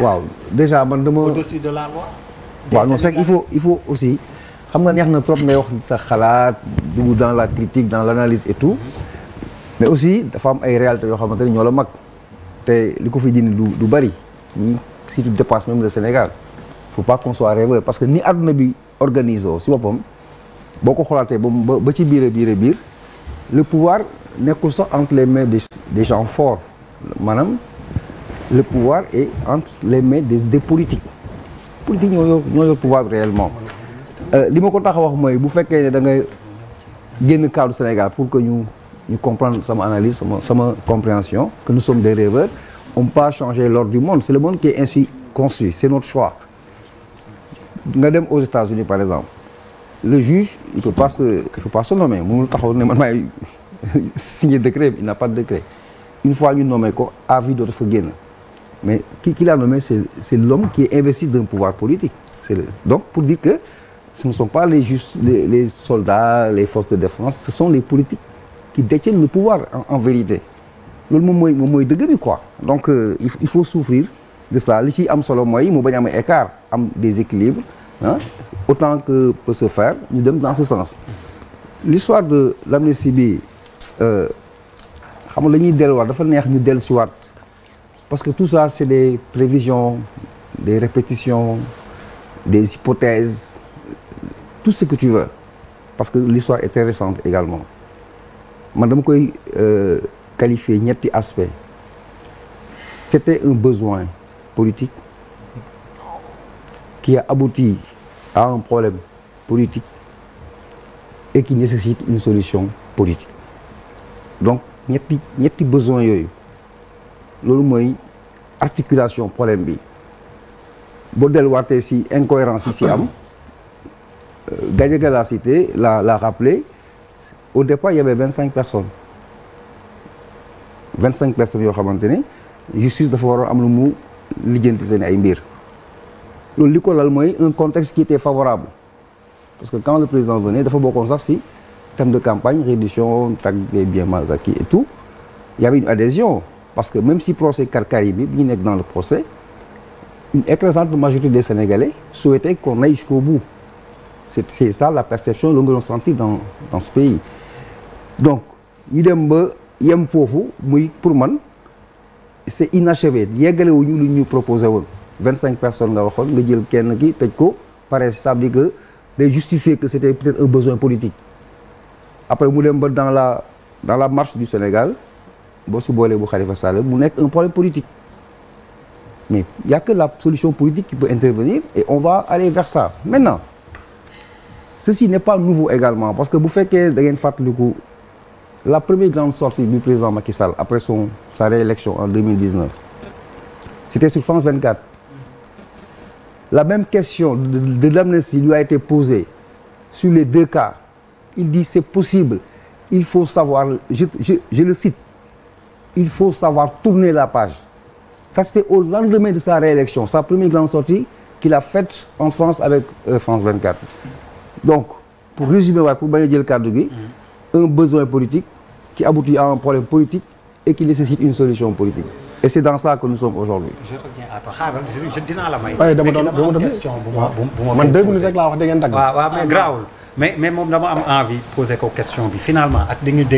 waaw déjà man dama au-dessus de la loi. waaw non c'est il faut il faut aussi xam nga neex na trop ngay wax sa xalaat dugg dans la critique dans l'analyse et tout mais aussi dafa am ay réalités yoo xamante ni ñoo la mag te li ko fi dindi du du bari hmm? surtout tu dépasses même le Sénégal faut pas qu'on soit rêveur parce que ni àdduna bi organisé si boppam boo ko xoolaatee ba ba ci biir biir biir le pouvoir nekkul sax entre les mains des gens forts maanaam. le pouvoir est entre les mains des des politiques politique ñoo yor ñoo yor pouvoir bi réellement euh, li ma ko tax a wax mooy bu fekkee ne da ngay génn cadre Sénégal pour que ñu ñu comprendre sama analyse sama sama compréhension que nous sommes des rêveurs on peut pas changer l'ordre du monde c'est le monde qui est ainsi conçu c'est notre choix nga dem aux États-Unis par exemple le juge il peut pas se il peut pas nommer mënul taxaw ne man maay signer décret il n'a pas de décret une fois ñu nommé ko avis dootu génn mais qui, qui l'a nommé, c'est l'homme qui est investi d'un pouvoir politique. donc, pour dire que ce ne sont pas les, just, les, les, soldats, les forces de défense, ce sont les politiques qui détiennent le pouvoir en, en vérité. loolu moom mooy moom mooy dëgg quoi donc euh, il faut souffrir de ça li ci am solo mooy mu bañ am écart am déséquilibre ah autant que peut se faire ñu dem dans ce sens l'histoire de l'amnistie bi euh, xam nga la ñuy delluwaat dafa neex ñu dellusiwaat Parce que tout ça, c'est des prévisions, des répétitions, des hypothèses, tout ce que tu veux. Parce que l'histoire est très récente également. Madame Koy euh, qualifié ñetti aspect c'était un besoin politique qui a abouti à un problème politique et qui nécessite une solution politique donc ñetti ñetti besoin yooyu loolu mooy articulation problème bi boo delluwaatee si incohérence yi si am euh, Gadiaga la cité la la rappelé au départ il y vingt cinq personnes vingt cinq personnes yoo xamante ne justice dafa waroon am lu mu lijjanti seen ay mbir loolu li ko lal mooy un contexte qui était favorable parce que quand le président venait dafa bokkoon sax si thème de campagne réduction traque des biens mal acquis et tout y avait une adhésion parce que même si procès Karkari bi bi ñu nekk dans le procès une écrasante majorité des Sénégalais souhaitaient qu'on aille jusqu'au bout c'est c'est ça la perception la nga doon sentir dans dans ce pays donc ñu dem ba yem foofu muy pour man c'est inachevé yeggale wu ñu lu ñu proposé woon vingt cinq personnes nga waxoon nga jël kenn ki tëj ko pare ça veut dire que day justifier que c'était peut-être un besoin politique après mu dem ba dans la dans la marche du Sénégal boo si boolee bu Khalifa Sall mu nekk un problème politique mais y que la solution politique qui peut intervenir et on va aller vers ça maintenant ceci n'est pas nouveau également parce que bu fekkee da ngeen fàttaliku la première grande sortie du président Macky Sall après son sa réélection en 2019 c'était sur France 24 la même question de, de, de l'amnistie lui a été posée sur les deux cas il dit c'est possible il faut savoir je, je le cite il faut savoir tourner la page. Ça, c'était au lendemain de sa réélection, sa première grande sortie qu'il a faite en France avec euh, France Donc, pour résumer, pour bañ a jël kàddu gi, un besoin politique qui aboutit à un problème politique et qui nécessite une solution politique. Et c'est dans ça que nous sommes aujourd'hui. Je reviens à toi xaaral je dinaa la may. waaye dama doon dama doon question bu ma bu ma. man deux minutes rek laa wax da mais ah, grawul